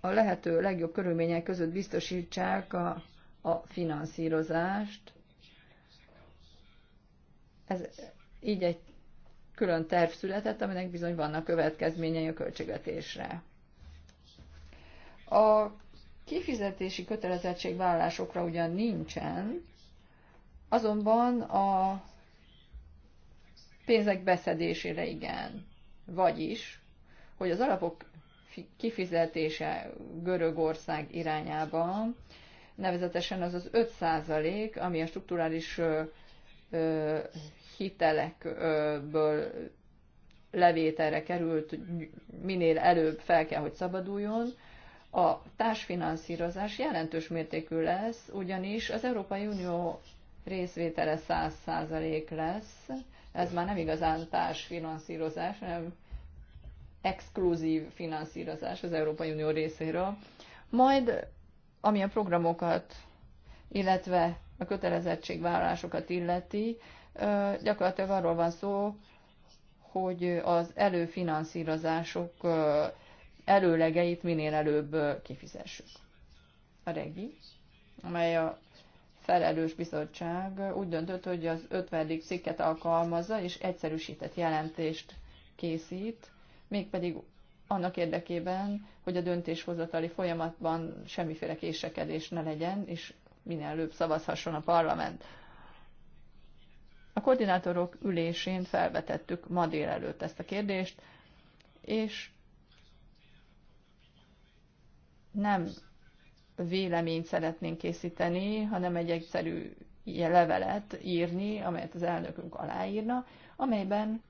a lehető legjobb körülmények között biztosítsák a, a finanszírozást. Ez így egy külön terv született, aminek bizony vannak következményei a költségvetésre. A kifizetési kötelezettségvállalásokra ugyan nincsen, azonban a pénzek beszedésére igen. Vagyis, hogy az alapok kifizetése Görögország irányába, nevezetesen az az 5 ami a strukturális hitelekből levételre került, minél előbb fel kell, hogy szabaduljon. A társfinanszírozás jelentős mértékű lesz, ugyanis az Európai Unió részvétele 100% lesz. Ez már nem igazán társfinanszírozás, hanem exkluzív finanszírozás az Európai Unió részéről. Majd, ami a programokat, illetve a kötelezettségvállalásokat illeti, gyakorlatilag arról van szó, hogy az előfinanszírozások előlegeit minél előbb kifizessük. A regi, amely a felelős bizottság úgy döntött, hogy az 50. cikket alkalmazza, és egyszerűsített jelentést készít mégpedig annak érdekében, hogy a döntéshozatali folyamatban semmiféle késekedés ne legyen, és minél előbb szavazhasson a parlament. A koordinátorok ülésén felvetettük ma délelőtt ezt a kérdést, és nem véleményt szeretnénk készíteni, hanem egy egyszerű levelet írni, amelyet az elnökünk aláírna, amelyben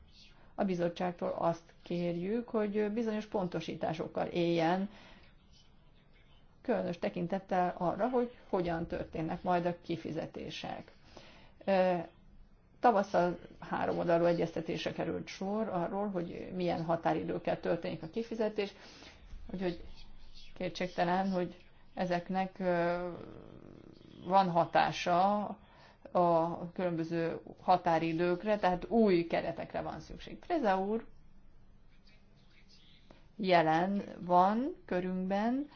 a bizottságtól azt kérjük, hogy bizonyos pontosításokkal éljen, különös tekintettel arra, hogy hogyan történnek majd a kifizetések. Tavasszal három oldalú egyeztetése került sor arról, hogy milyen határidőkkel történik a kifizetés, úgyhogy kétségtelen, hogy ezeknek van hatása a különböző határidőkre, tehát új keretekre van szükség. Prezaur úr jelen van körünkben,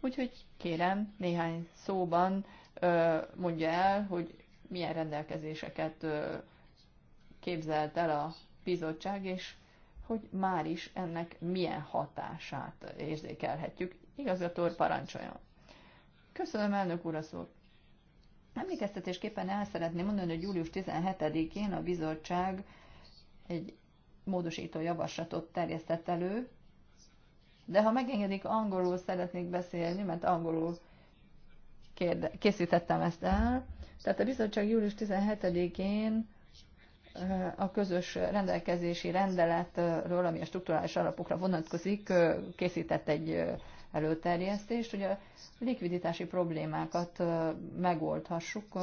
úgyhogy kérem néhány szóban mondja el, hogy milyen rendelkezéseket képzelt el a bizottság, és hogy már is ennek milyen hatását érzékelhetjük. Igazgató parancsoljon. Köszönöm, elnök úr, a szót. Emlékeztetésképpen el szeretném mondani, hogy július 17-én a bizottság egy módosító javaslatot terjesztett elő, de ha megengedik, angolul szeretnék beszélni, mert angolul kérde- készítettem ezt el. Tehát a bizottság július 17-én a közös rendelkezési rendeletről, ami a strukturális alapokra vonatkozik, készített egy előterjesztést, hogy a likviditási problémákat megoldhassuk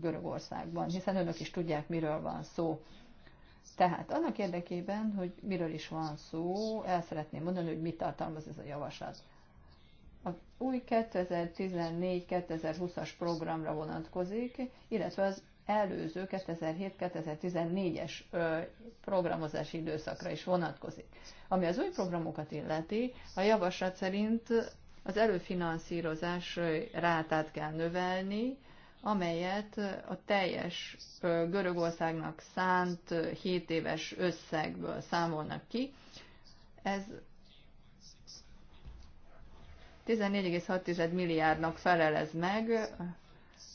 Görögországban, hiszen önök is tudják, miről van szó. Tehát annak érdekében, hogy miről is van szó, el szeretném mondani, hogy mit tartalmaz ez a javaslat. A új 2014-2020-as programra vonatkozik, illetve az előző 2007-2014-es programozási időszakra is vonatkozik. Ami az új programokat illeti, a javaslat szerint az előfinanszírozás rátát kell növelni, amelyet a teljes Görögországnak szánt 7 éves összegből számolnak ki. Ez 14,6 milliárdnak felelez meg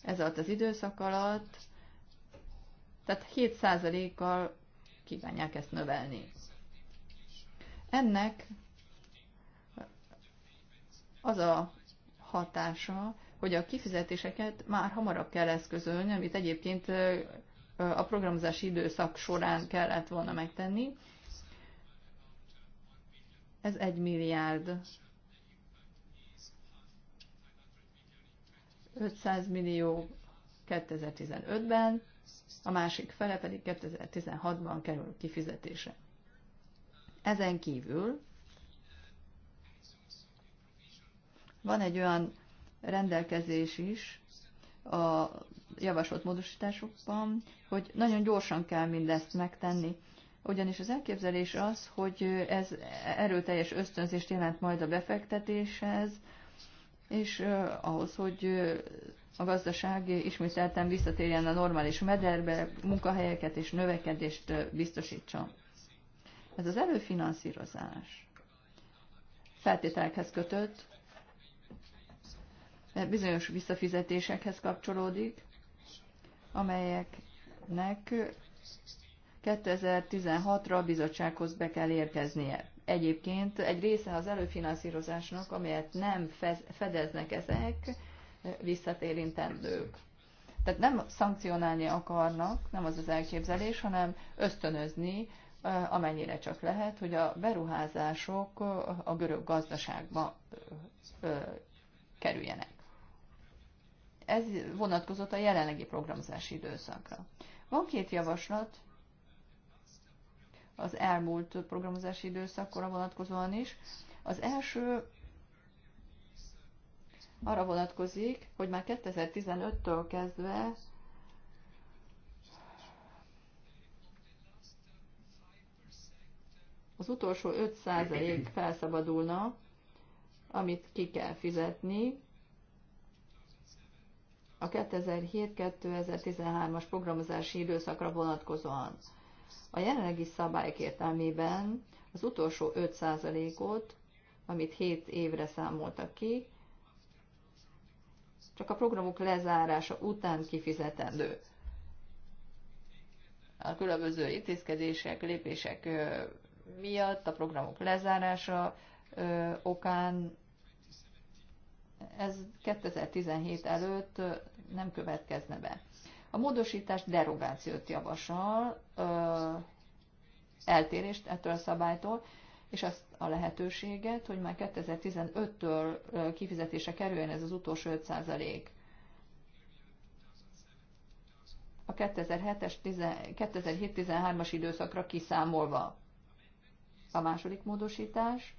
ez alatt az időszak alatt, tehát 7%-kal kívánják ezt növelni. Ennek az a hatása, hogy a kifizetéseket már hamarabb kell eszközölni, amit egyébként a programozási időszak során kellett volna megtenni. Ez egy milliárd. 500 millió 2015-ben, a másik fele pedig 2016-ban kerül kifizetése. Ezen kívül van egy olyan rendelkezés is a javasolt módosításokban, hogy nagyon gyorsan kell mindezt megtenni, ugyanis az elképzelés az, hogy ez erőteljes ösztönzést jelent majd a befektetéshez, és ahhoz, hogy a gazdaság ismételten visszatérjen a normális mederbe, munkahelyeket és növekedést biztosítson. Ez az előfinanszírozás feltételekhez kötött, bizonyos visszafizetésekhez kapcsolódik, amelyeknek 2016-ra a bizottsághoz be kell érkeznie egyébként egy része az előfinanszírozásnak, amelyet nem fedeznek ezek, visszatérintendők. Tehát nem szankcionálni akarnak, nem az az elképzelés, hanem ösztönözni, amennyire csak lehet, hogy a beruházások a görög gazdaságba kerüljenek. Ez vonatkozott a jelenlegi programozási időszakra. Van két javaslat, az elmúlt programozási időszakra vonatkozóan is. Az első arra vonatkozik, hogy már 2015-től kezdve az utolsó 5% felszabadulna, amit ki kell fizetni a 2007-2013-as programozási időszakra vonatkozóan. A jelenlegi szabályok értelmében az utolsó 5%-ot, amit 7 évre számoltak ki, csak a programok lezárása után kifizetendő. A különböző intézkedések, lépések miatt, a programok lezárása okán ez 2017 előtt nem következne be. A módosítás derogációt javasol, ö, eltérést ettől a szabálytól, és azt a lehetőséget, hogy már 2015-től kifizetése kerüljön ez az utolsó 5 a 2007-es, 2007-13-as időszakra kiszámolva. A második módosítás,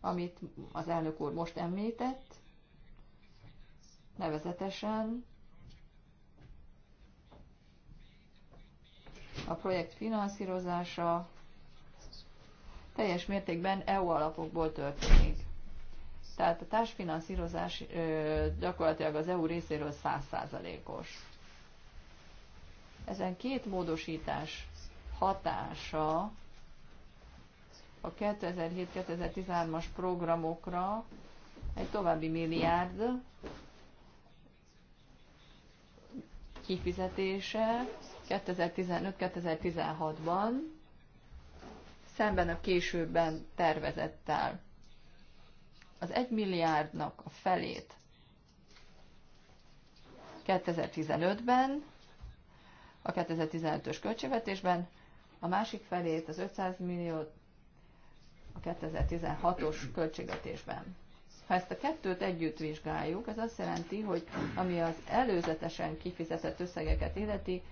amit az elnök úr most említett, nevezetesen a projekt finanszírozása teljes mértékben EU alapokból történik. Tehát a társfinanszírozás gyakorlatilag az EU részéről százszázalékos. Ezen két módosítás hatása a 2007-2013-as programokra egy további milliárd, kifizetése 2015-2016-ban szemben a későbben tervezettel. Az 1 milliárdnak a felét 2015-ben, a 2015-ös költségvetésben, a másik felét az 500 milliót a 2016-os költségvetésben. Ha ezt a kettőt együtt vizsgáljuk, ez azt jelenti, hogy ami az előzetesen kifizetett összegeket illeti,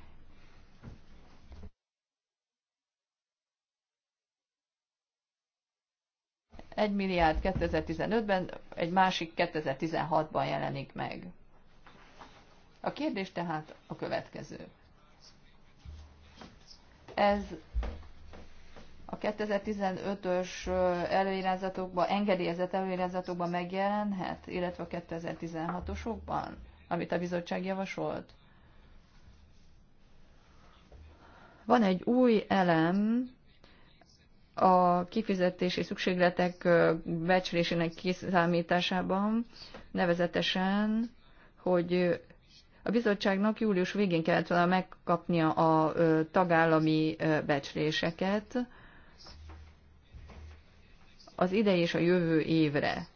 egy milliárd 2015-ben, egy másik 2016-ban jelenik meg. A kérdés tehát a következő. Ez a 2015-ös előirányzatokban, engedélyezett előirányzatokban megjelenhet, illetve a 2016-osokban, amit a bizottság javasolt? Van egy új elem, a kifizetési szükségletek becslésének kiszámításában, nevezetesen, hogy a bizottságnak július végén kellett volna megkapnia a tagállami becsléseket, az idei és a jövő évre.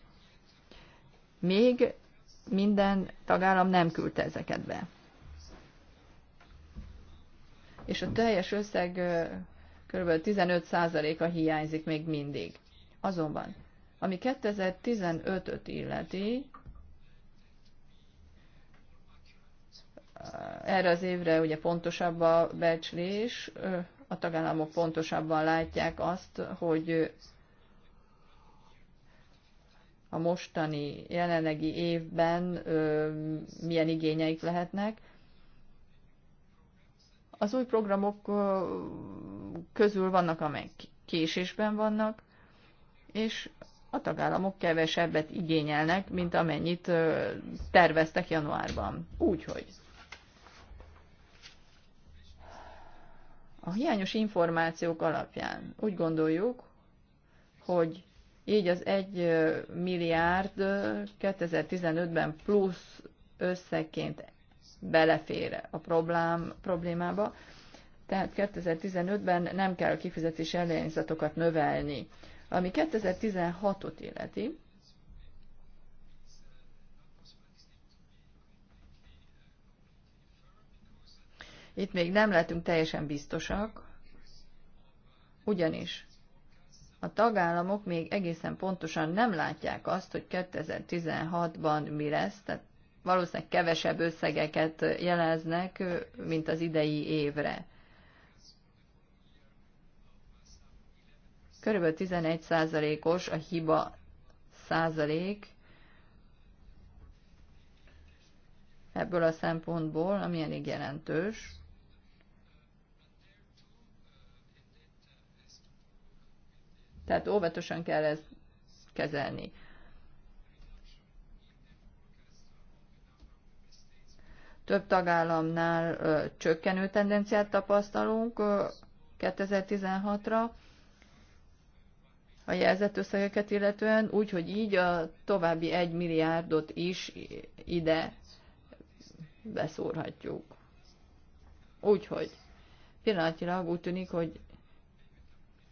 Még minden tagállam nem küldte ezeket be. És a teljes összeg kb. 15%-a hiányzik még mindig. Azonban, ami 2015-öt illeti, erre az évre ugye pontosabb a becslés, a tagállamok pontosabban látják azt, hogy a mostani, jelenlegi évben ö, milyen igényeik lehetnek. Az új programok ö, közül vannak, amelyek késésben vannak, és a tagállamok kevesebbet igényelnek, mint amennyit ö, terveztek januárban. Úgyhogy a hiányos információk alapján úgy gondoljuk, hogy így az 1 milliárd 2015-ben plusz összeként belefér a problém, problémába, tehát 2015-ben nem kell a kifizetési előnyzatokat növelni. Ami 2016-ot illeti, itt még nem lehetünk teljesen biztosak, ugyanis a tagállamok még egészen pontosan nem látják azt, hogy 2016-ban mi lesz, tehát valószínűleg kevesebb összegeket jeleznek, mint az idei évre. Körülbelül 11 százalékos a hiba százalék ebből a szempontból, ami elég jelentős. Tehát óvatosan kell ezt kezelni. Több tagállamnál ö, csökkenő tendenciát tapasztalunk ö, 2016-ra a jelzett összegeket illetően, úgyhogy így a további 1 milliárdot is ide beszórhatjuk. Úgyhogy pillanatilag úgy tűnik, hogy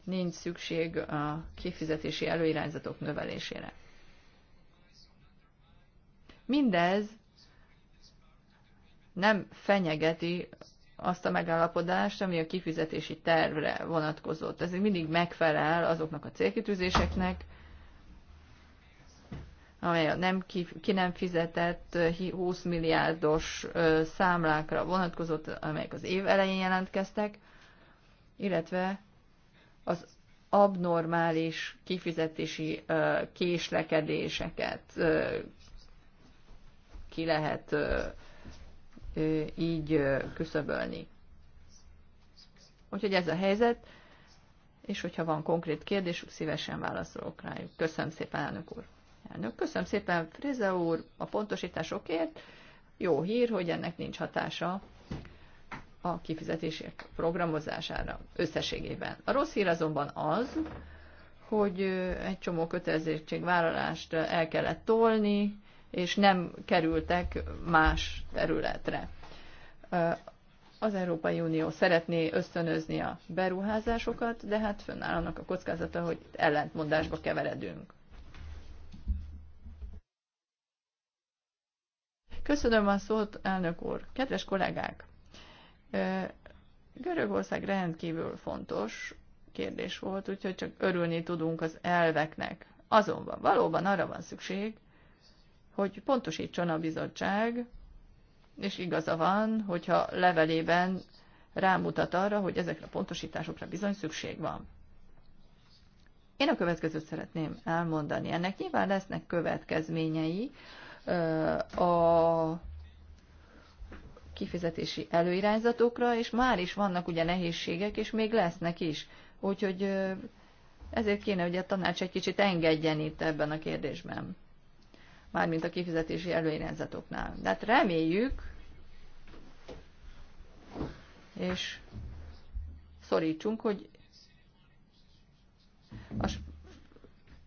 nincs szükség a kifizetési előirányzatok növelésére. Mindez nem fenyegeti azt a megállapodást, ami a kifizetési tervre vonatkozott. Ez mindig megfelel azoknak a célkitűzéseknek, amely a nem ki, ki nem fizetett 20 milliárdos számlákra vonatkozott, amelyek az év elején jelentkeztek, illetve az abnormális kifizetési késlekedéseket ki lehet így küszöbölni. Úgyhogy ez a helyzet, és hogyha van konkrét kérdés, szívesen válaszolok rájuk. Köszönöm szépen, elnök úr. Elnök, köszönöm szépen, Frize úr, a pontosításokért. Jó hír, hogy ennek nincs hatása a kifizetések programozására összességében. A rossz hír azonban az, hogy egy csomó kötelezettségvállalást el kellett tolni, és nem kerültek más területre. Az Európai Unió szeretné ösztönözni a beruházásokat, de hát fönnáll annak a kockázata, hogy ellentmondásba keveredünk. Köszönöm a szót, elnök úr! Kedves kollégák! Görögország rendkívül fontos kérdés volt, úgyhogy csak örülni tudunk az elveknek. Azonban valóban arra van szükség, hogy pontosítson a bizottság, és igaza van, hogyha levelében rámutat arra, hogy ezekre a pontosításokra bizony szükség van. Én a következőt szeretném elmondani. Ennek nyilván lesznek következményei a kifizetési előirányzatokra, és már is vannak ugye nehézségek, és még lesznek is. Úgyhogy ezért kéne, hogy a tanács egy kicsit engedjen itt ebben a kérdésben. Mármint a kifizetési előirányzatoknál. De hát reméljük, és szorítsunk, hogy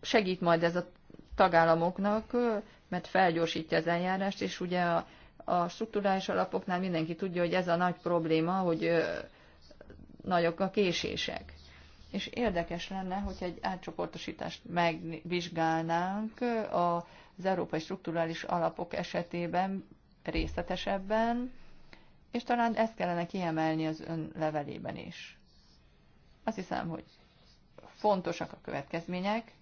segít majd ez a tagállamoknak, mert felgyorsítja az eljárást, és ugye a a strukturális alapoknál mindenki tudja, hogy ez a nagy probléma, hogy nagyok a késések. És érdekes lenne, hogy egy átcsoportosítást megvizsgálnánk az európai strukturális alapok esetében részletesebben, és talán ezt kellene kiemelni az ön levelében is. Azt hiszem, hogy fontosak a következmények,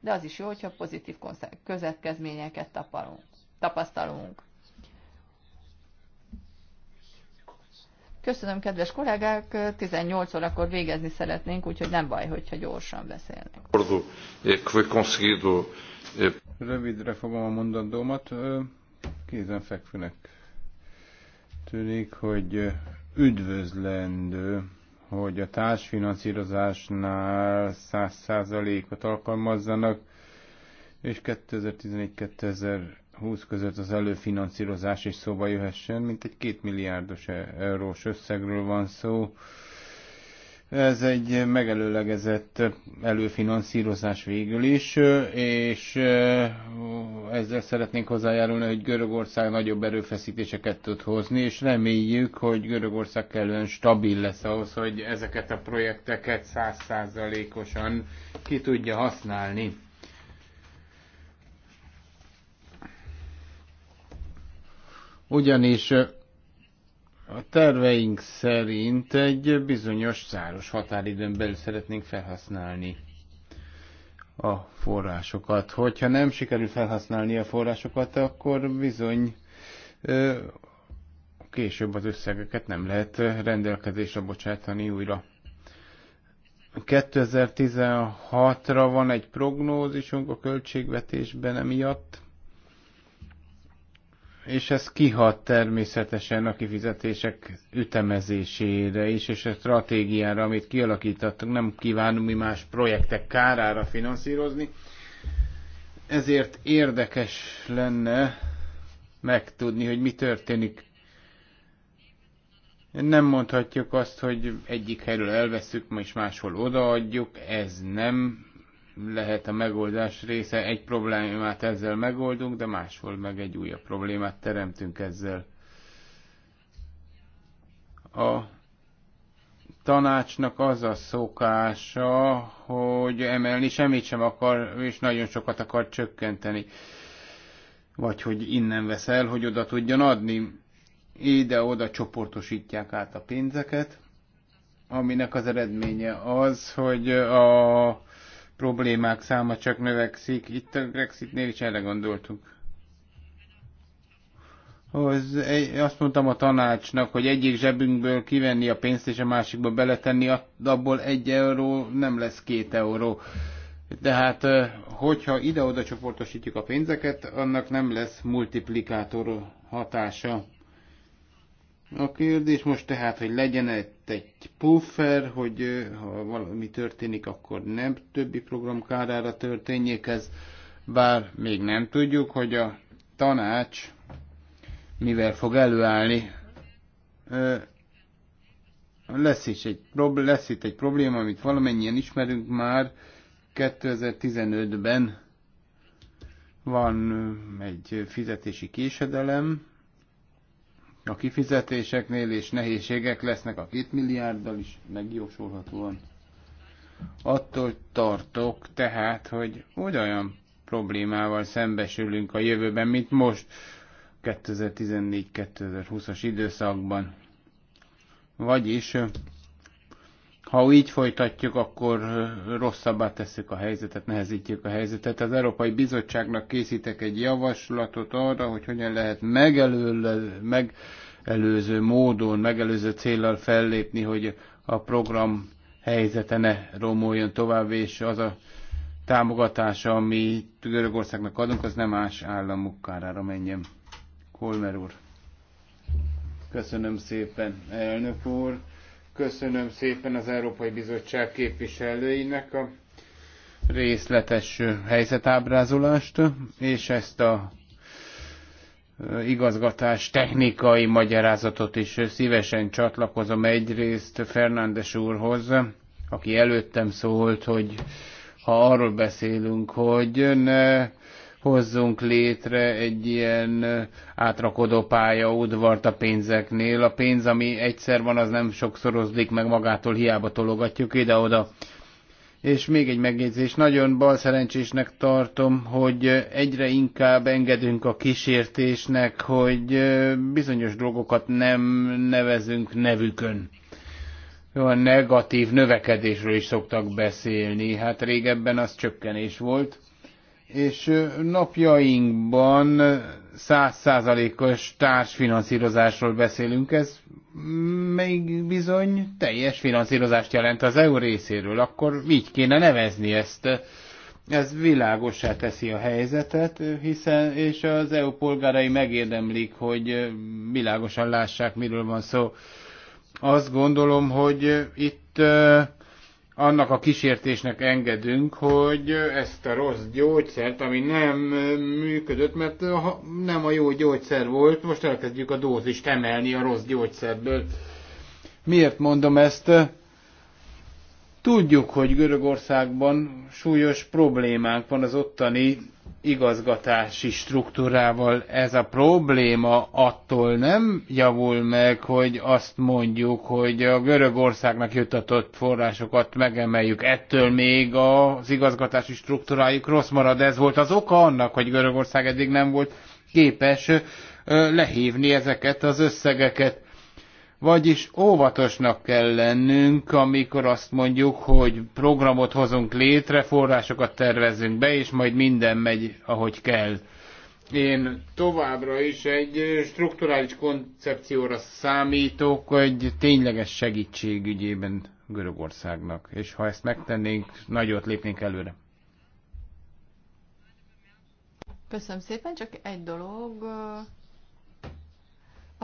de az is jó, hogyha pozitív következményeket tapalunk, tapasztalunk. Köszönöm, kedves kollégák, 18 órakor végezni szeretnénk, úgyhogy nem baj, hogyha gyorsan beszélnek. E, Rövidre fogom a mondandómat. Kézenfekvőnek tűnik, hogy üdvözlendő, hogy a társfinanszírozásnál 100%-ot alkalmazzanak, és 2011-2000 20 között az előfinanszírozás is szóba jöhessen, mint egy két milliárdos e- eurós összegről van szó. Ez egy megelőlegezett előfinanszírozás végül is, és ezzel szeretnénk hozzájárulni, hogy Görögország nagyobb erőfeszítéseket tud hozni, és reméljük, hogy Görögország kellően stabil lesz ahhoz, hogy ezeket a projekteket százszázalékosan ki tudja használni ugyanis a terveink szerint egy bizonyos száros határidőn belül szeretnénk felhasználni a forrásokat. Hogyha nem sikerül felhasználni a forrásokat, akkor bizony később az összegeket nem lehet rendelkezésre bocsátani újra. 2016-ra van egy prognózisunk a költségvetésben emiatt és ez kihat természetesen a kifizetések ütemezésére is, és a stratégiára, amit kialakítottunk, nem kívánunk mi más projektek kárára finanszírozni. Ezért érdekes lenne megtudni, hogy mi történik. Nem mondhatjuk azt, hogy egyik helyről elveszük, és máshol odaadjuk, ez nem lehet a megoldás része. Egy problémát ezzel megoldunk, de máshol meg egy újabb problémát teremtünk ezzel. A tanácsnak az a szokása, hogy emelni semmit sem akar, és nagyon sokat akar csökkenteni. Vagy hogy innen veszel, hogy oda tudjon adni. Ide-oda csoportosítják át a pénzeket, aminek az eredménye az, hogy a problémák száma csak növekszik. Itt a Grexitnél is erre gondoltunk. Az, azt mondtam a tanácsnak, hogy egyik zsebünkből kivenni a pénzt és a másikba beletenni, abból egy euró nem lesz két euró. Tehát, hogyha ide-oda csoportosítjuk a pénzeket, annak nem lesz multiplikátor hatása. A kérdés most tehát, hogy legyen egy puffer, hogy ha valami történik, akkor nem többi program kárára történjék ez, bár még nem tudjuk, hogy a tanács mivel fog előállni. Lesz, is egy probléma, lesz itt egy probléma, amit valamennyien ismerünk már 2015-ben van egy fizetési késedelem, a kifizetéseknél, és nehézségek lesznek a két milliárddal is megjósolhatóan. Attól tartok tehát, hogy olyan problémával szembesülünk a jövőben, mint most 2014-2020-as időszakban. Vagyis ha így folytatjuk, akkor rosszabbá tesszük a helyzetet, nehezítjük a helyzetet. Az Európai Bizottságnak készítek egy javaslatot arra, hogy hogyan lehet megelőle, megelőző módon, megelőző célral fellépni, hogy a program helyzete ne romoljon tovább, és az a támogatása, ami Görögországnak adunk, az nem más államok kárára menjen. Kolmer úr. Köszönöm szépen, elnök úr Köszönöm szépen az Európai Bizottság képviselőinek a részletes helyzetábrázolást, és ezt a igazgatás technikai magyarázatot is szívesen csatlakozom egyrészt Fernándes úrhoz, aki előttem szólt, hogy ha arról beszélünk, hogy ne hozzunk létre egy ilyen átrakodó udvart a pénzeknél. A pénz, ami egyszer van, az nem sokszorozlik meg magától, hiába tologatjuk ide-oda. És még egy megjegyzés, nagyon balszerencsésnek tartom, hogy egyre inkább engedünk a kísértésnek, hogy bizonyos dolgokat nem nevezünk nevükön. A negatív növekedésről is szoktak beszélni, hát régebben az csökkenés volt, és napjainkban százszázalékos társfinanszírozásról beszélünk, ez még bizony teljes finanszírozást jelent az EU részéről, akkor így kéne nevezni ezt. Ez világosá teszi a helyzetet, hiszen és az EU polgárai megérdemlik, hogy világosan lássák, miről van szó. Azt gondolom, hogy itt annak a kísértésnek engedünk, hogy ezt a rossz gyógyszert, ami nem működött, mert nem a jó gyógyszer volt, most elkezdjük a dózist emelni a rossz gyógyszerből. Miért mondom ezt? Tudjuk, hogy Görögországban súlyos problémánk van az ottani igazgatási struktúrával ez a probléma attól nem javul meg, hogy azt mondjuk, hogy a Görögországnak jutatott forrásokat megemeljük. Ettől még az igazgatási struktúrájuk rossz marad. Ez volt az oka annak, hogy Görögország eddig nem volt képes lehívni ezeket az összegeket. Vagyis óvatosnak kell lennünk, amikor azt mondjuk, hogy programot hozunk létre, forrásokat tervezünk be, és majd minden megy, ahogy kell. Én továbbra is egy strukturális koncepcióra számítok, egy tényleges segítség ügyében Görögországnak, és ha ezt megtennénk, nagyot lépnénk előre. Köszönöm szépen, csak egy dolog,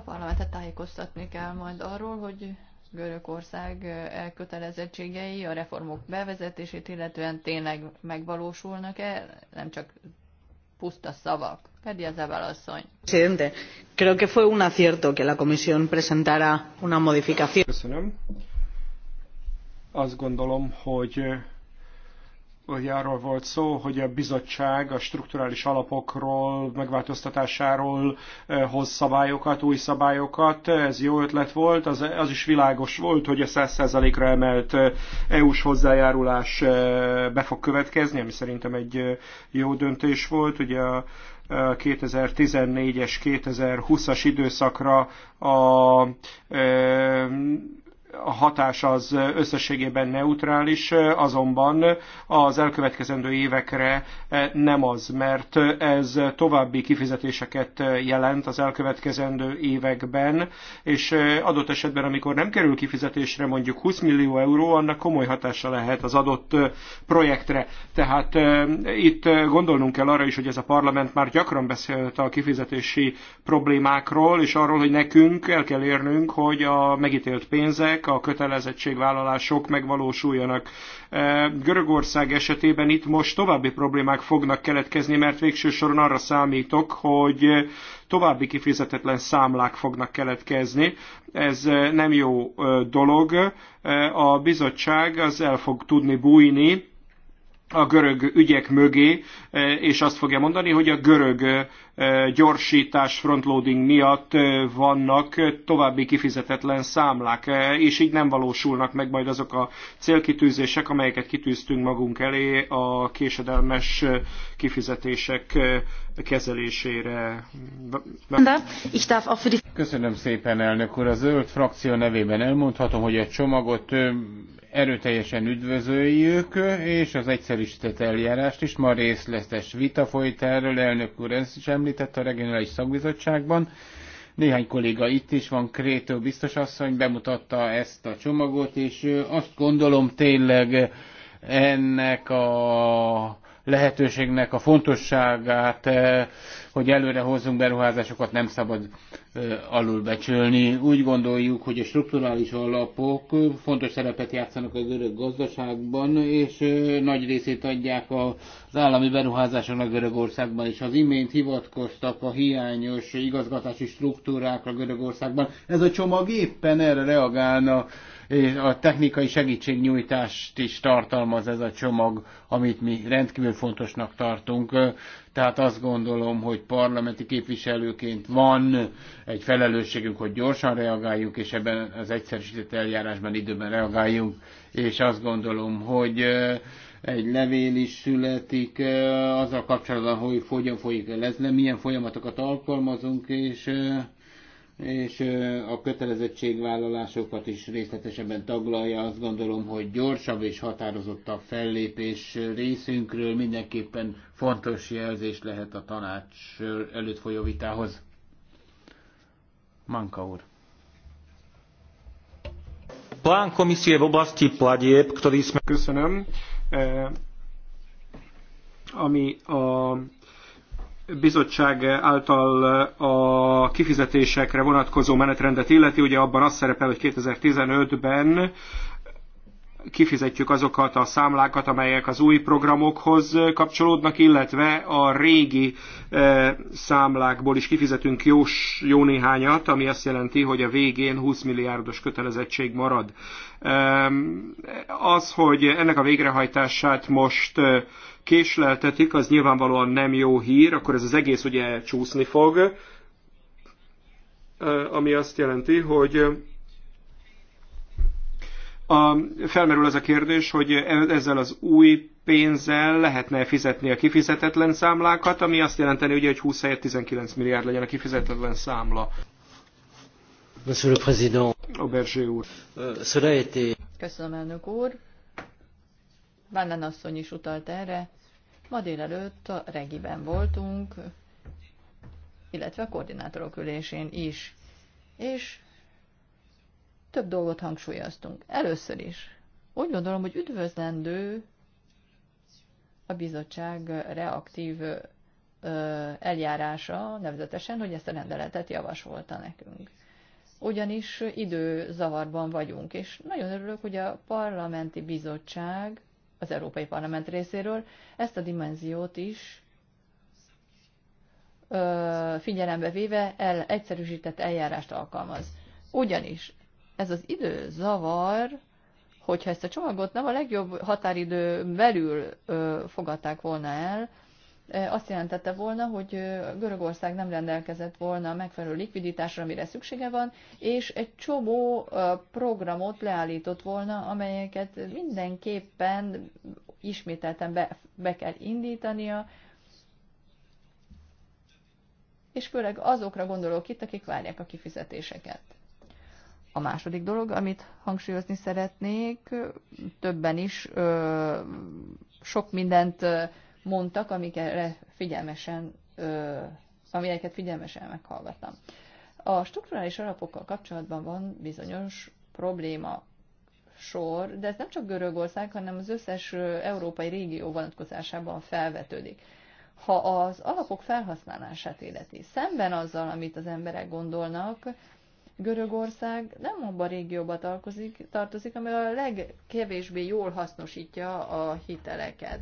a parlamentet tájékoztatni kell majd arról, hogy Görögország elkötelezettségei a reformok bevezetését illetően tényleg megvalósulnak-e, nem csak puszta szavak. Pedig az asszony. Presidente, creo que fue un acierto que la comisión presentara una modificación. Köszönöm. Azt gondolom, hogy hogy arról volt szó, hogy a bizottság a strukturális alapokról, megváltoztatásáról eh, hoz szabályokat, új szabályokat. Ez jó ötlet volt, az, az is világos volt, hogy a 100%-ra emelt eh, EU-s hozzájárulás eh, be fog következni, ami szerintem egy jó döntés volt. Ugye a 2014-es, 2020-as időszakra a a hatás az összességében neutrális, azonban az elkövetkezendő évekre nem az, mert ez további kifizetéseket jelent az elkövetkezendő években, és adott esetben, amikor nem kerül kifizetésre mondjuk 20 millió euró, annak komoly hatása lehet az adott projektre. Tehát eh, itt gondolnunk kell arra is, hogy ez a parlament már gyakran beszélt a kifizetési problémákról, és arról, hogy nekünk el kell érnünk, hogy a megítélt pénzek, ezek a kötelezettségvállalások megvalósuljanak. E, Görögország esetében itt most további problémák fognak keletkezni, mert végső soron arra számítok, hogy további kifizetetlen számlák fognak keletkezni. Ez nem jó e, dolog. E, a bizottság az el fog tudni bújni, a görög ügyek mögé, e, és azt fogja mondani, hogy a görög e, gyorsítás frontloading miatt e, vannak további kifizetetlen számlák, és így nem valósulnak meg majd azok a célkitűzések, amelyeket kitűztünk magunk elé a késedelmes kifizetések kezelésére. Köszönöm szépen, elnök úr. A zöld frakció nevében elmondhatom, hogy a csomagot erőteljesen üdvözöljük, és az egyszerűsített eljárást is. Ma részletes vita folyt erről, elnök úr ezt is említett a regionális szakbizottságban. Néhány kolléga itt is van, Krétő biztosasszony bemutatta ezt a csomagot, és azt gondolom tényleg ennek a lehetőségnek a fontosságát, eh, hogy előre hozzunk beruházásokat, nem szabad eh, alulbecsülni. Úgy gondoljuk, hogy a strukturális alapok eh, fontos szerepet játszanak a görög gazdaságban, és nagy részét adják az állami beruházásoknak Görögországban és Az imént hivatkoztak a hiányos igazgatási struktúrákra Görögországban. Ez a csomag éppen erre reagálna a technikai segítségnyújtást is tartalmaz ez a csomag, amit mi rendkívül fontosnak tartunk. Tehát azt gondolom, hogy parlamenti képviselőként van egy felelősségünk, hogy gyorsan reagáljunk, és ebben az egyszerűsített eljárásban időben reagáljunk, és azt gondolom, hogy egy levél is születik azzal kapcsolatban, hogy hogyan folyik el ez, milyen folyamatokat alkalmazunk, és és a kötelezettségvállalásokat is részletesebben taglalja. Azt gondolom, hogy gyorsabb és határozottabb fellépés részünkről mindenképpen fontos jelzés lehet a tanács előtt folyó vitához. Manka úr. Plán komisszió v oblasti platieb, ktorý sme... Köszönöm. E, ami a bizottság által a kifizetésekre vonatkozó menetrendet illeti, ugye abban az szerepel, hogy 2015-ben kifizetjük azokat a számlákat, amelyek az új programokhoz kapcsolódnak, illetve a régi e, számlákból is kifizetünk jó, jó néhányat, ami azt jelenti, hogy a végén 20 milliárdos kötelezettség marad. az, hogy ennek a végrehajtását most e, késleltetik, az nyilvánvalóan nem jó hír, akkor ez az egész ugye csúszni fog, ami azt jelenti, hogy a, felmerül az a kérdés, hogy e, ezzel az új pénzzel lehetne fizetni a kifizetetlen számlákat, ami azt jelenteni, ugye, hogy 20 helyett 19 milliárd legyen a kifizetetlen számla. Monsieur le Président. Aubergé úr. Euh, Köszönöm, elnök úr. Vannan asszony is utalt erre. Ma délelőtt a regiben voltunk, illetve a koordinátorok ülésén is. És több dolgot hangsúlyoztunk. Először is úgy gondolom, hogy üdvözlendő a bizottság reaktív eljárása, nevezetesen, hogy ezt a rendeletet javasolta nekünk. Ugyanis időzavarban vagyunk, és nagyon örülök, hogy a parlamenti bizottság az Európai Parlament részéről, ezt a dimenziót is ö, figyelembe véve el, egyszerűsített eljárást alkalmaz. Ugyanis ez az időzavar, hogyha ezt a csomagot nem a legjobb határidő belül ö, fogadták volna el, azt jelentette volna, hogy Görögország nem rendelkezett volna megfelelő likviditásra, amire szüksége van, és egy csomó programot leállított volna, amelyeket mindenképpen ismételten be, be kell indítania, és főleg azokra gondolok itt, akik várják a kifizetéseket. A második dolog, amit hangsúlyozni szeretnék, többen is ö, sok mindent ö, mondtak, amikre figyelmesen, amelyeket figyelmesen meghallgattam. A strukturális alapokkal kapcsolatban van bizonyos probléma sor, de ez nem csak Görögország, hanem az összes európai régió vonatkozásában felvetődik. Ha az alapok felhasználását életi, szemben azzal, amit az emberek gondolnak, Görögország nem abban a régióba tartozik, tartozik, amely a legkevésbé jól hasznosítja a hiteleket.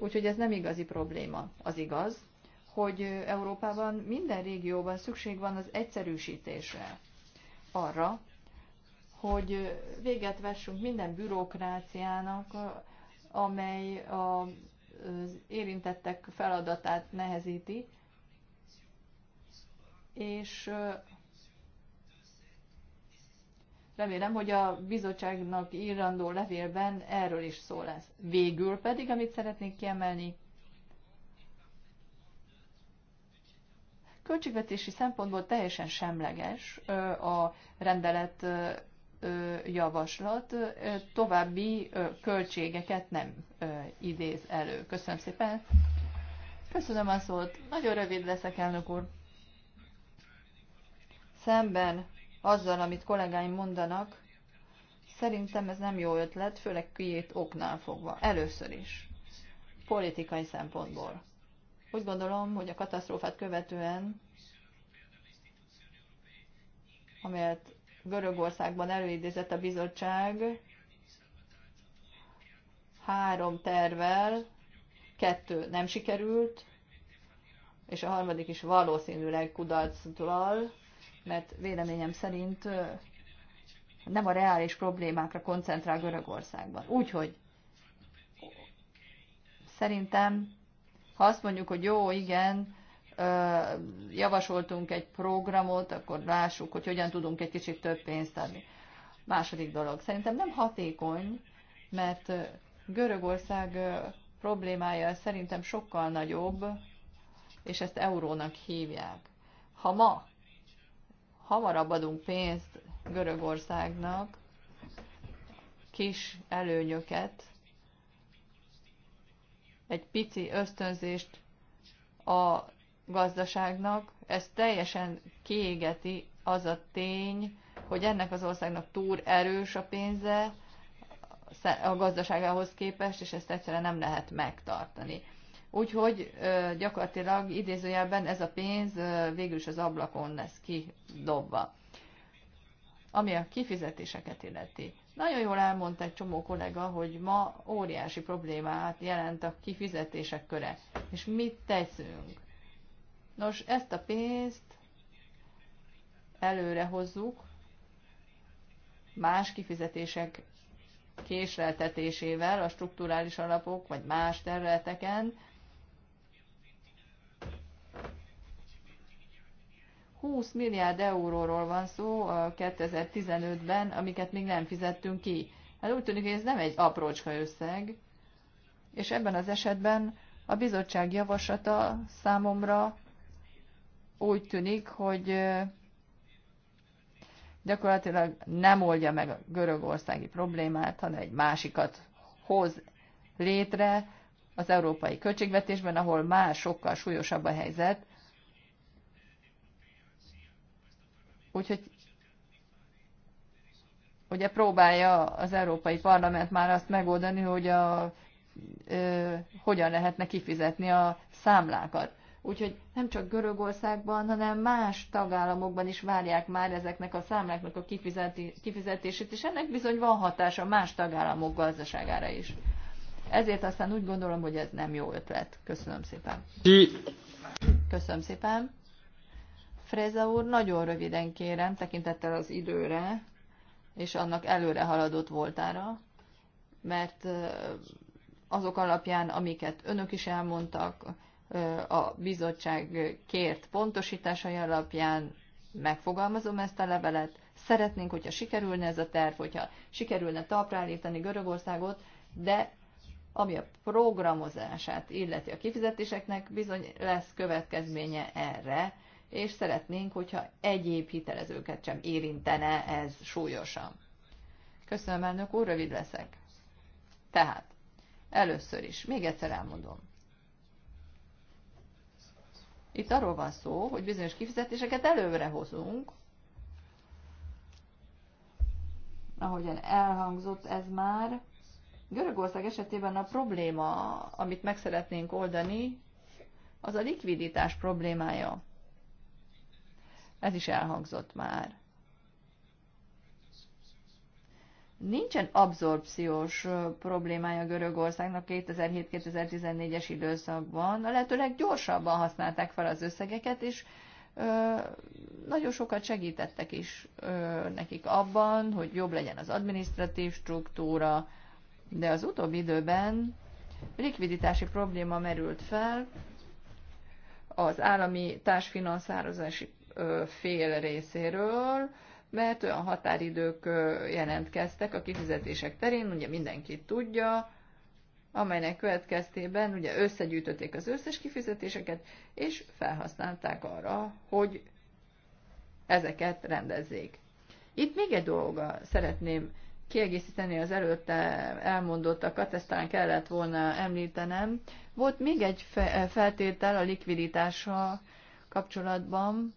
Úgyhogy ez nem igazi probléma. Az igaz, hogy Európában minden régióban szükség van az egyszerűsítésre. Arra, hogy véget vessünk minden bürokráciának, amely az érintettek feladatát nehezíti, és Remélem, hogy a bizottságnak írandó levélben erről is szó lesz. Végül pedig, amit szeretnék kiemelni, költségvetési szempontból teljesen semleges a rendelet javaslat, további költségeket nem idéz elő. Köszönöm szépen. Köszönöm a szót. Nagyon rövid leszek, elnök úr. Szemben azzal, amit kollégáim mondanak, szerintem ez nem jó ötlet, főleg két oknál fogva. Először is, politikai szempontból. Úgy gondolom, hogy a katasztrófát követően, amelyet Görögországban előidézett a bizottság, három tervel, kettő nem sikerült, és a harmadik is valószínűleg kudarctulal, mert véleményem szerint nem a reális problémákra koncentrál Görögországban. Úgyhogy szerintem, ha azt mondjuk, hogy jó, igen, javasoltunk egy programot, akkor lássuk, hogy hogyan tudunk egy kicsit több pénzt adni. Második dolog, szerintem nem hatékony, mert Görögország problémája szerintem sokkal nagyobb, és ezt eurónak hívják. Ha ma hamarabb adunk pénzt Görögországnak, kis előnyöket, egy pici ösztönzést a gazdaságnak, ez teljesen kiégeti az a tény, hogy ennek az országnak túl erős a pénze a gazdaságához képest, és ezt egyszerűen nem lehet megtartani. Úgyhogy gyakorlatilag idézőjelben ez a pénz végül is az ablakon lesz kidobva. Ami a kifizetéseket illeti. Nagyon jól elmondta egy csomó kollega, hogy ma óriási problémát jelent a kifizetések köre. És mit teszünk? Nos, ezt a pénzt előre hozzuk, más kifizetések késleltetésével a strukturális alapok vagy más területeken, 20 milliárd euróról van szó 2015-ben, amiket még nem fizettünk ki. Hát úgy tűnik, hogy ez nem egy aprócska összeg, és ebben az esetben a bizottság javaslata számomra úgy tűnik, hogy gyakorlatilag nem oldja meg a görögországi problémát, hanem egy másikat hoz létre az európai költségvetésben, ahol már sokkal súlyosabb a helyzet, Úgyhogy ugye próbálja az Európai Parlament már azt megoldani, hogy a, ö, hogyan lehetne kifizetni a számlákat. Úgyhogy nem csak Görögországban, hanem más tagállamokban is várják már ezeknek a számláknak a kifizeti, kifizetését, és ennek bizony van hatása más tagállamok gazdaságára is. Ezért aztán úgy gondolom, hogy ez nem jó ötlet. Köszönöm szépen. Köszönöm szépen. Freza úr, nagyon röviden kérem, tekintettel az időre, és annak előre haladott voltára, mert azok alapján, amiket önök is elmondtak, a bizottság kért pontosításai alapján megfogalmazom ezt a levelet. Szeretnénk, hogyha sikerülne ez a terv, hogyha sikerülne taprálítani Görögországot, de ami a programozását illeti a kifizetéseknek, bizony lesz következménye erre, és szeretnénk, hogyha egyéb hitelezőket sem érintene ez súlyosan. Köszönöm, elnök úr, rövid leszek. Tehát, először is, még egyszer elmondom. Itt arról van szó, hogy bizonyos kifizetéseket előre hozunk, ahogyan elhangzott ez már. Görögország esetében a probléma, amit meg szeretnénk oldani, az a likviditás problémája. Ez is elhangzott már. Nincsen abszorpciós problémája Görögországnak 2007-2014-es időszakban. A lehetőleg gyorsabban használták fel az összegeket, és ö, nagyon sokat segítettek is ö, nekik abban, hogy jobb legyen az administratív struktúra, de az utóbbi időben likviditási probléma merült fel, az állami társfinanszározási fél részéről, mert olyan határidők jelentkeztek a kifizetések terén, ugye mindenki tudja, amelynek következtében ugye összegyűjtötték az összes kifizetéseket, és felhasználták arra, hogy ezeket rendezzék. Itt még egy dolga szeretném kiegészíteni az előtte elmondottakat, ezt talán kellett volna említenem. Volt még egy feltétel a likviditással kapcsolatban,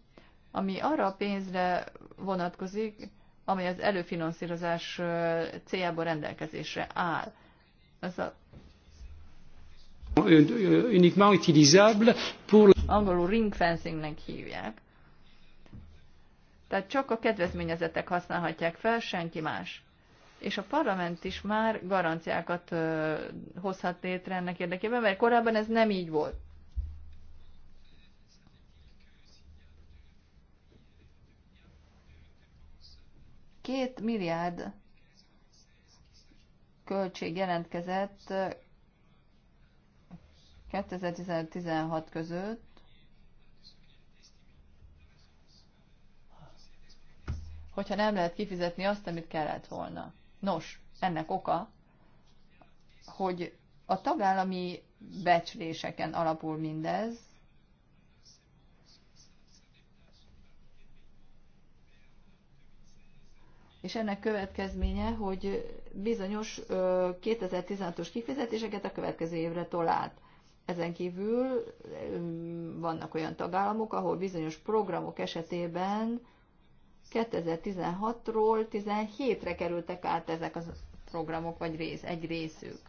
ami arra a pénzre vonatkozik, amely az előfinanszírozás céljából rendelkezésre áll. Ez a euh, uniquement utilisable pour... Angolul ring fencingnek hívják. Tehát csak a kedvezményezetek használhatják fel, senki más. És a parlament is már garanciákat hozhat létre ennek érdekében, mert korábban ez nem így volt. Két milliárd költség jelentkezett 2016 között, hogyha nem lehet kifizetni azt, amit kellett volna. Nos, ennek oka, hogy a tagállami becsléseken alapul mindez, és ennek következménye, hogy bizonyos 2016-os kifizetéseket a következő évre tolált. Ezen kívül vannak olyan tagállamok, ahol bizonyos programok esetében 2016-ról 17-re kerültek át ezek a programok, vagy rész, egy részük.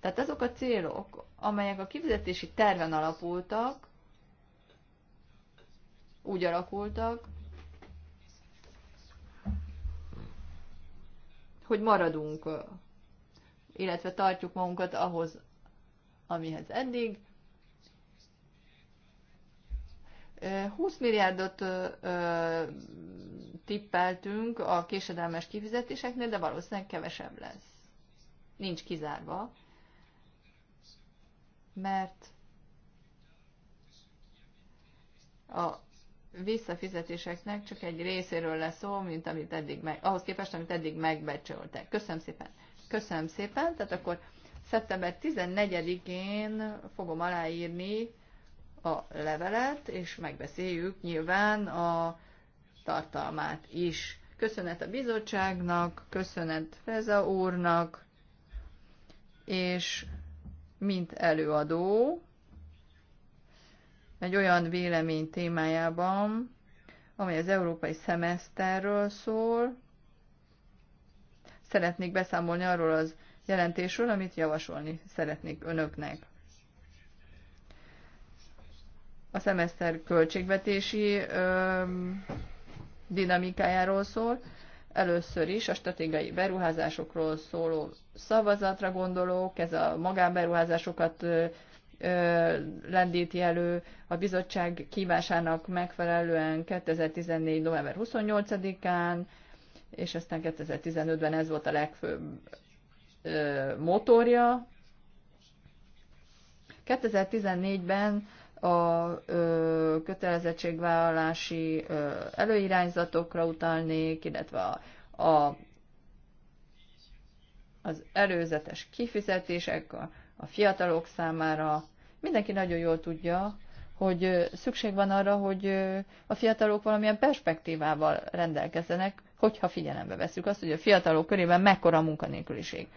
Tehát azok a célok, amelyek a kifizetési terven alapultak, úgy alakultak, hogy maradunk, illetve tartjuk magunkat ahhoz, amihez eddig. 20 milliárdot tippeltünk a késedelmes kifizetéseknél, de valószínűleg kevesebb lesz. Nincs kizárva, mert a visszafizetéseknek csak egy részéről lesz szó, mint amit eddig meg, ahhoz képest, amit eddig megbecsöltek. Köszönöm szépen. Köszönöm szépen. Tehát akkor szeptember 14-én fogom aláírni a levelet, és megbeszéljük nyilván a tartalmát is. Köszönet a bizottságnak, köszönet Feza úrnak, és mint előadó, egy olyan vélemény témájában, amely az európai szemeszterről szól. Szeretnék beszámolni arról az jelentésről, amit javasolni szeretnék önöknek. A szemeszter költségvetési ö, dinamikájáról szól, először is a stratégiai beruházásokról szóló szavazatra gondolok, ez a magánberuházásokat lendíti elő a bizottság kívásának megfelelően 2014. november 28-án, és aztán 2015-ben ez volt a legfőbb motorja. 2014-ben a ö, kötelezettségvállalási ö, előirányzatokra utalnék, illetve a, a, az előzetes kifizetések, a, a fiatalok számára. Mindenki nagyon jól tudja, hogy szükség van arra, hogy a fiatalok valamilyen perspektívával rendelkezzenek, hogyha figyelembe veszük azt, hogy a fiatalok körében mekkora a munkanélküliség.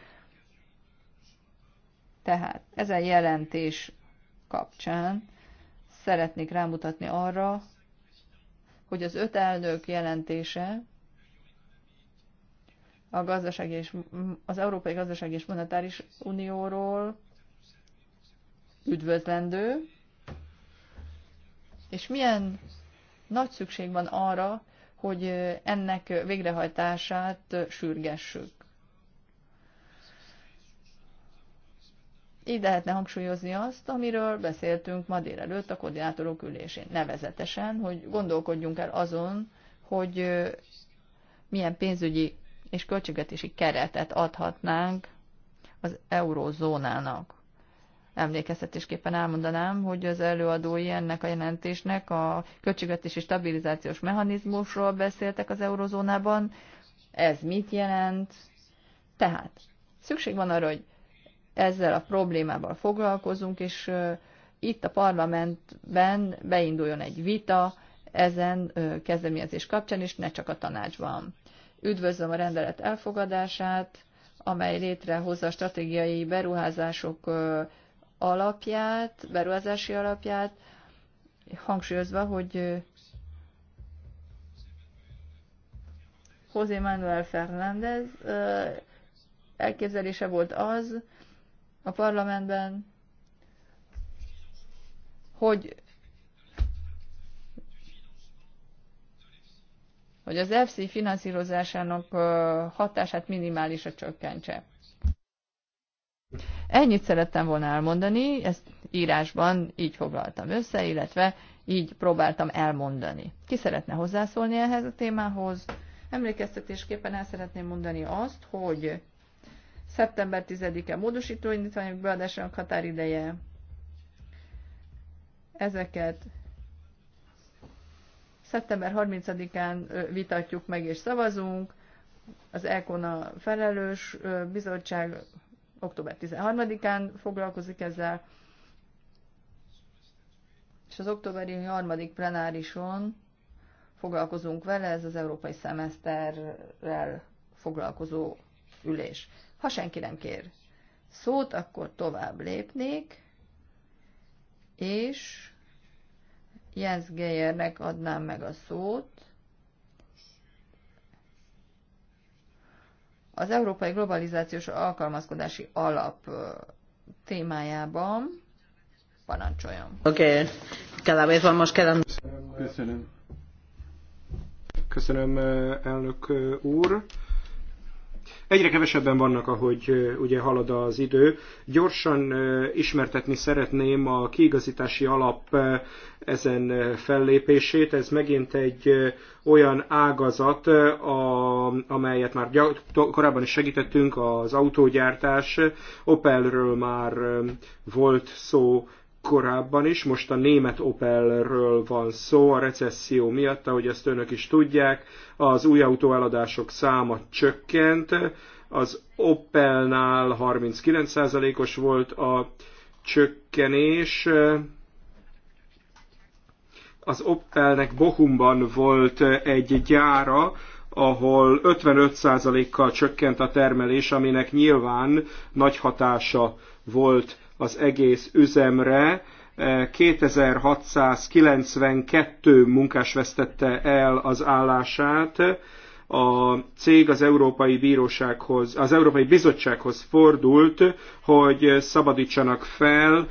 Tehát ezen jelentés kapcsán szeretnék rámutatni arra, hogy az öt elnök jelentése a gazdaság és, az Európai Gazdasági és Monetáris Unióról üdvözlendő, és milyen nagy szükség van arra, hogy ennek végrehajtását sürgessük. Így lehetne hangsúlyozni azt, amiről beszéltünk ma délelőtt a koordinátorok ülésén, nevezetesen, hogy gondolkodjunk el azon, hogy milyen pénzügyi és költségvetési keretet adhatnánk az eurózónának emlékeztetésképpen elmondanám, hogy az előadói ennek a jelentésnek a költségvetési stabilizációs mechanizmusról beszéltek az eurozónában. Ez mit jelent? Tehát szükség van arra, hogy ezzel a problémával foglalkozunk, és itt a parlamentben beinduljon egy vita ezen kezdeményezés kapcsán, és ne csak a tanácsban. Üdvözlöm a rendelet elfogadását, amely létrehozza a stratégiai beruházások alapját, beruházási alapját, hangsúlyozva, hogy José Manuel Fernández elképzelése volt az a parlamentben, hogy hogy az FC finanszírozásának hatását minimálisra csökkentse. Ennyit szerettem volna elmondani, ezt írásban így foglaltam össze, illetve így próbáltam elmondani. Ki szeretne hozzászólni ehhez a témához? Emlékeztetésképpen el szeretném mondani azt, hogy szeptember 10-e módosító indítványok beadásának határideje. Ezeket szeptember 30-án vitatjuk meg és szavazunk. Az elkona felelős bizottság október 13-án foglalkozik ezzel, és az októberi harmadik plenárison foglalkozunk vele, ez az európai szemeszterrel foglalkozó ülés. Ha senki nem kér szót, akkor tovább lépnék, és Jens Geyernek adnám meg a szót, az Európai Globalizációs Alkalmazkodási Alap témájában. Parancsoljon. Oké, okay. cada vez vamos quedando. Köszönöm. Köszönöm, elnök úr. Egyre kevesebben vannak, ahogy ugye halad az idő. Gyorsan ismertetni szeretném a kiigazítási alap ezen fellépését. Ez megint egy olyan ágazat, a, amelyet már korábban is segítettünk, az autógyártás. Opelről már volt szó korábban is, most a német Opelről van szó a recesszió miatt, ahogy ezt önök is tudják, az új autóeladások száma csökkent, az Opelnál 39%-os volt a csökkenés, az Opelnek Bohumban volt egy gyára, ahol 55%-kal csökkent a termelés, aminek nyilván nagy hatása volt az egész üzemre. 2692 eh, munkás vesztette el az állását. A cég az Európai Bírósághoz, az Európai Bizottsághoz fordult, hogy szabadítsanak fel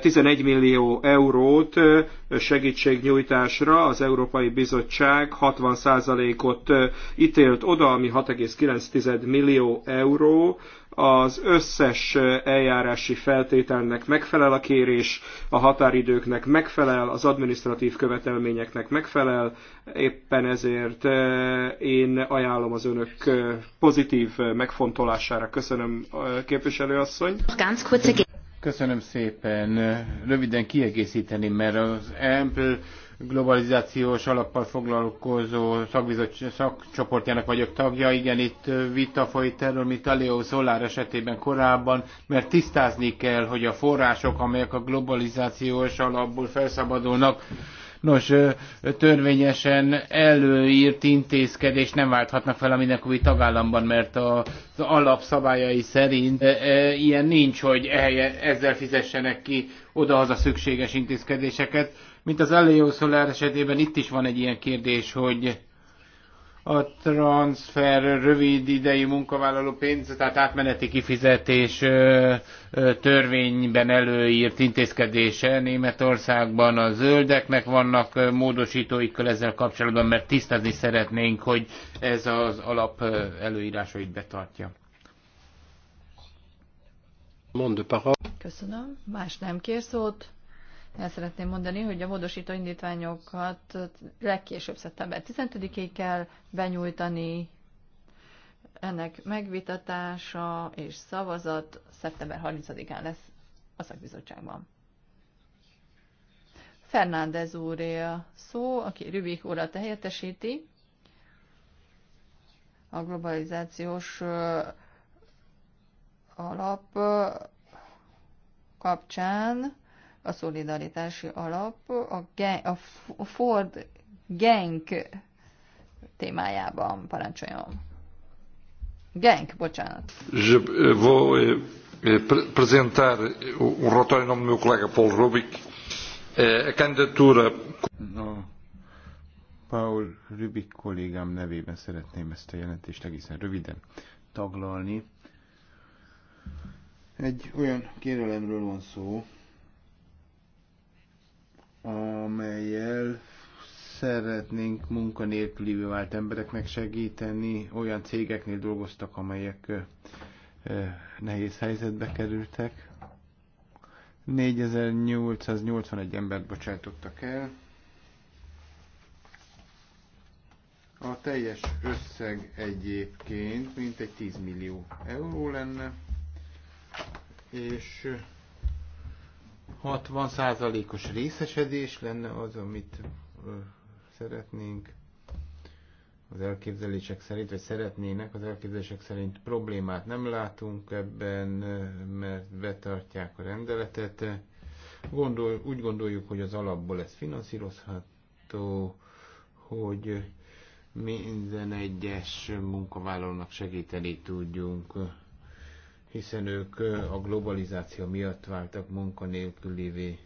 11 eh, millió eurót eh, segítségnyújtásra. Az Európai Bizottság 60%-ot ítélt oda, ami 6,9 millió euró az összes eljárási feltételnek megfelel a kérés, a határidőknek megfelel, az adminisztratív követelményeknek megfelel, éppen ezért én ajánlom az önök pozitív megfontolására. Köszönöm, képviselőasszony. Köszönöm szépen. Röviden kiegészíteni, mert az Ample globalizációs alappal foglalkozó szakcsoportjának vagyok tagja. Igen, itt vita folyt erről, mint a Leo Solar esetében korábban, mert tisztázni kell, hogy a források, amelyek a globalizációs alapból felszabadulnak, Nos, törvényesen előírt intézkedés nem válthatna fel a mindenkori tagállamban, mert az alapszabályai szerint ilyen nincs, hogy ezzel fizessenek ki haza szükséges intézkedéseket. Mint az Elejó Szolár esetében itt is van egy ilyen kérdés, hogy a transfer rövid idei munkavállaló pénz, tehát átmeneti kifizetés törvényben előírt intézkedése Németországban a zöldeknek vannak módosítóikkal ezzel kapcsolatban, mert tisztázni szeretnénk, hogy ez az alap előírásait betartja. Köszönöm. Más nem kér szót el szeretném mondani, hogy a módosító indítványokat legkésőbb szeptember 15-ig kell benyújtani, ennek megvitatása és szavazat szeptember 30-án lesz a szakbizottságban. Fernández úré a szó, aki Rübik urat helyettesíti, a globalizációs alap kapcsán a szolidaritási alap a, gen, a Ford Genk témájában parancsoljon. Genk, bocsánat. Je vou apresentar eh, eh, um relatório em nome do meu colega Paulo Rubik. Eh, a candidatura... No, Paul Rubik kollégám nevében szeretném ezt a jelentést egészen röviden taglalni. Egy olyan kérelemről van szó, amelyel szeretnénk munkanélkülévé vált embereknek segíteni. Olyan cégeknél dolgoztak, amelyek nehéz helyzetbe kerültek. 4881 embert bocsátottak el. A teljes összeg egyébként mintegy 10 millió euró lenne, és 60%-os részesedés lenne az, amit szeretnénk az elképzelések szerint, vagy szeretnének az elképzelések szerint problémát nem látunk ebben, mert betartják a rendeletet. Gondol, úgy gondoljuk, hogy az alapból ez finanszírozható, hogy minden egyes munkavállalónak segíteni tudjunk hiszen ők a globalizáció miatt váltak munkanélkülévé.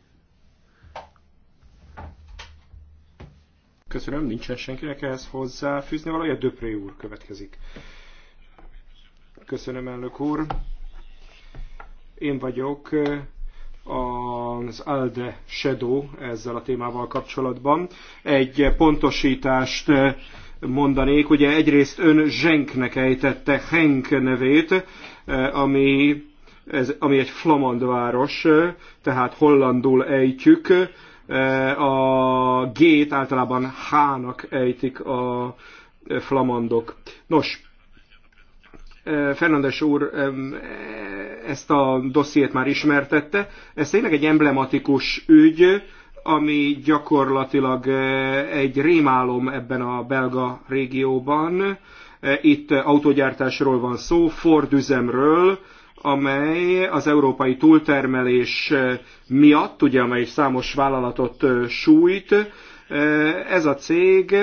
Köszönöm, nincsen senkinek ehhez hozzáfűzni a Döpré úr következik. Köszönöm, elnök úr. Én vagyok az ALDE Shadow ezzel a témával kapcsolatban. Egy pontosítást mondanék, ugye egyrészt ön Zsenknek ejtette Henk nevét, Eh, ami, ez, ami egy flamand város, eh, tehát hollandul ejtjük. Eh, a G-t általában H-nak ejtik a flamandok. Nos, Fernandes úr ezt a dossziét már ismertette. Ez tényleg egy emblematikus ügy, ami gyakorlatilag egy rémálom ebben a belga régióban. Itt autogyártásról van szó, Ford üzemről, amely az európai túltermelés miatt, ugye, amely számos vállalatot sújt, ez a cég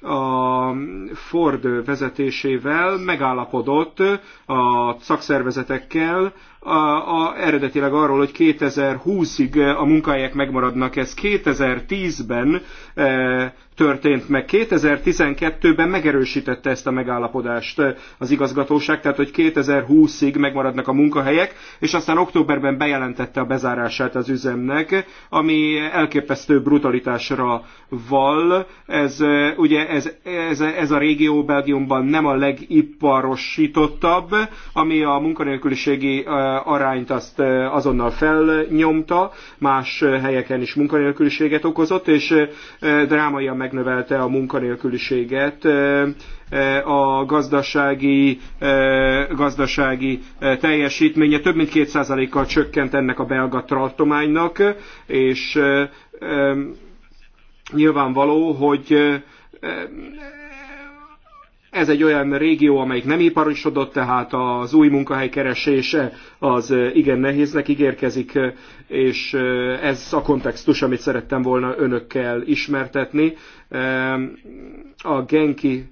a Ford vezetésével megállapodott a szakszervezetekkel a, a, eredetileg arról, hogy 2020-ig eh, a munkahelyek megmaradnak. Ez 2010-ben e, eh, történt meg. 2012-ben megerősítette ezt a megállapodást eh, az igazgatóság, tehát hogy 2020-ig megmaradnak a munkahelyek, és aztán októberben bejelentette a bezárását az üzemnek, ami elképesztő brutalitásra val. Ez, ugye ez, ez, ez a régió Belgiumban nem a legiparosítottabb, ami a munkanélküliségi arányt azt azonnal felnyomta, más helyeken is munkanélküliséget okozott, és drámaian megnövelte a munkanélküliséget a gazdasági, gazdasági teljesítménye több mint 2%-kal csökkent ennek a belga tartománynak, és nyilvánvaló, hogy ez egy olyan régió, amelyik nem iparosodott, tehát az új munkahely keresése az igen nehéznek ígérkezik, és ez a kontextus, amit szerettem volna önökkel ismertetni. A genki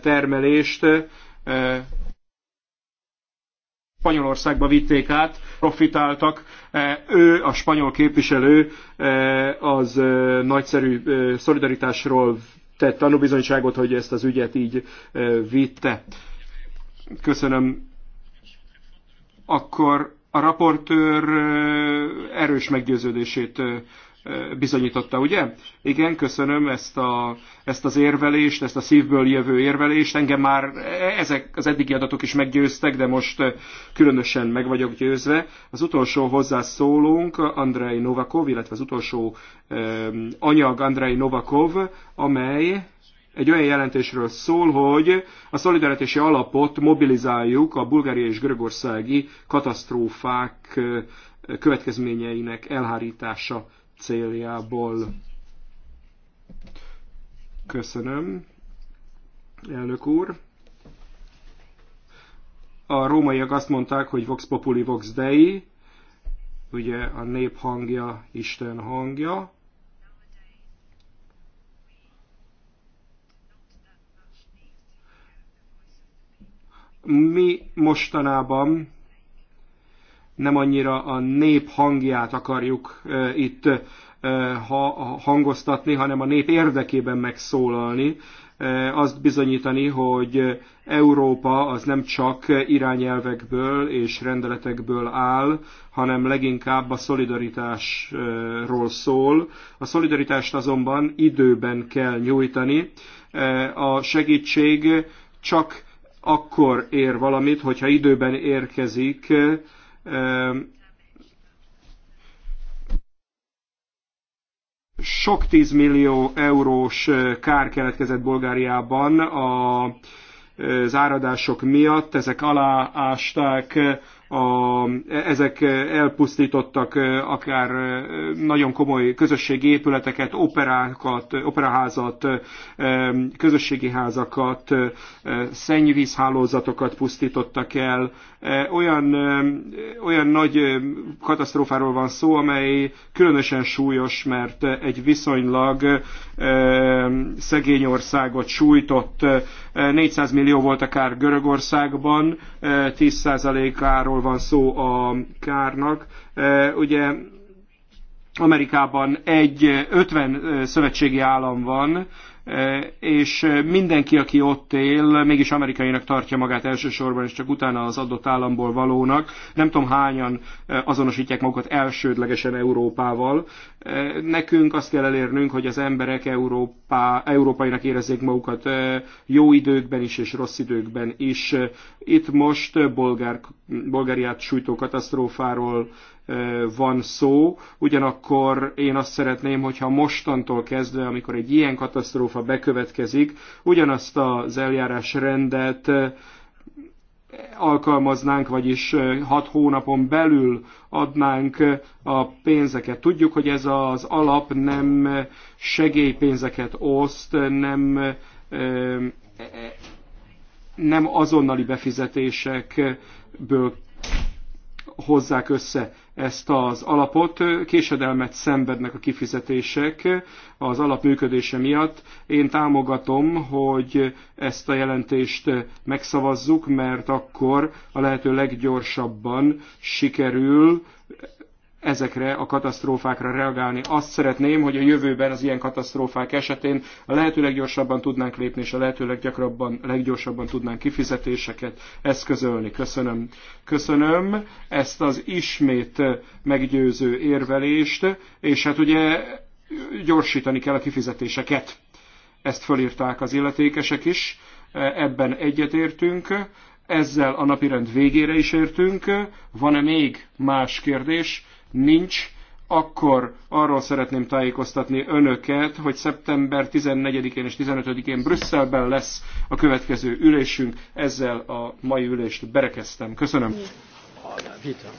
termelést Spanyolországba vitték át, profitáltak. Ő, a spanyol képviselő, az nagyszerű szolidaritásról tett tanúbizonyságot, hogy ezt az ügyet így vitte. Köszönöm. Akkor a raportőr erős meggyőződését bizonyította, ugye? Igen, köszönöm ezt, a, ezt az érvelést, ezt a szívből jövő érvelést. Engem már ezek az eddigi adatok is meggyőztek, de most eh, különösen meg vagyok győzve. Az utolsó hozzászólónk Andrei Novakov, illetve az utolsó eh, anyag Andrei Novakov, amely egy olyan jelentésről szól, hogy a szolidaritási alapot mobilizáljuk a bulgáriai és görögországi katasztrófák eh, következményeinek elhárítása céljából. Köszönöm, elnök úr. A rómaiak azt mondták, hogy vox populi vox dei, ugye a nép hangja, Isten hangja. Mi mostanában nem annyira a nép hangját akarjuk itt hangoztatni, hanem a nép érdekében megszólalni, azt bizonyítani, hogy Európa az nem csak irányelvekből és rendeletekből áll, hanem leginkább a szolidaritásról szól. A szolidaritást azonban időben kell nyújtani. A segítség csak akkor ér valamit, hogyha időben érkezik, sok tízmillió eurós kár keletkezett Bulgáriában a, az áradások miatt, ezek aláásták a, ezek elpusztítottak akár nagyon komoly közösségi épületeket, operákat, operaházat, közösségi házakat, szennyvízhálózatokat pusztítottak el. Olyan, olyan nagy katasztrófáról van szó, amely különösen súlyos, mert egy viszonylag szegény országot sújtott. 400 millió volt akár Görögországban, 10%-áról Amerikáról van szó a kárnak. E, ugye Amerikában egy 50 szövetségi állam van, Eh, és eh, mindenki, aki ott él, mégis amerikainak tartja magát elsősorban, és csak utána az adott államból valónak. Nem tudom hányan eh, azonosítják magukat elsődlegesen Európával. Nekünk azt kell elérnünk, hogy az emberek Európá, európainak érezzék magukat jó időkben is, és rossz időkben is. Itt most Bolgár, Bulgáriát sújtó katasztrófáról van szó, ugyanakkor én azt szeretném, hogyha mostantól kezdve, amikor egy ilyen katasztrófa bekövetkezik, ugyanazt az eljárás rendet alkalmaznánk, vagyis hat hónapon belül adnánk a pénzeket. Tudjuk, hogy ez az alap nem segélypénzeket oszt, nem, nem azonnali befizetésekből hozzák össze ezt az alapot, késedelmet szenvednek a kifizetések az alap működése miatt. Én támogatom, hogy ezt a jelentést megszavazzuk, mert akkor a lehető leggyorsabban sikerül ezekre a katasztrófákra reagálni. Azt szeretném, hogy a jövőben az ilyen katasztrófák esetén a lehető leggyorsabban tudnánk lépni, és a lehető leggyakrabban, leggyorsabban tudnánk kifizetéseket eszközölni. Köszönöm. Köszönöm ezt az ismét meggyőző érvelést, és hát ugye gyorsítani kell a kifizetéseket. Ezt fölírták az illetékesek is, ebben egyetértünk ezzel a napirend végére is értünk. Van-e még más kérdés? nincs, akkor arról szeretném tájékoztatni önöket, hogy szeptember 14-én és 15-én Brüsszelben lesz a következő ülésünk. Ezzel a mai ülést berekeztem. Köszönöm. Vita.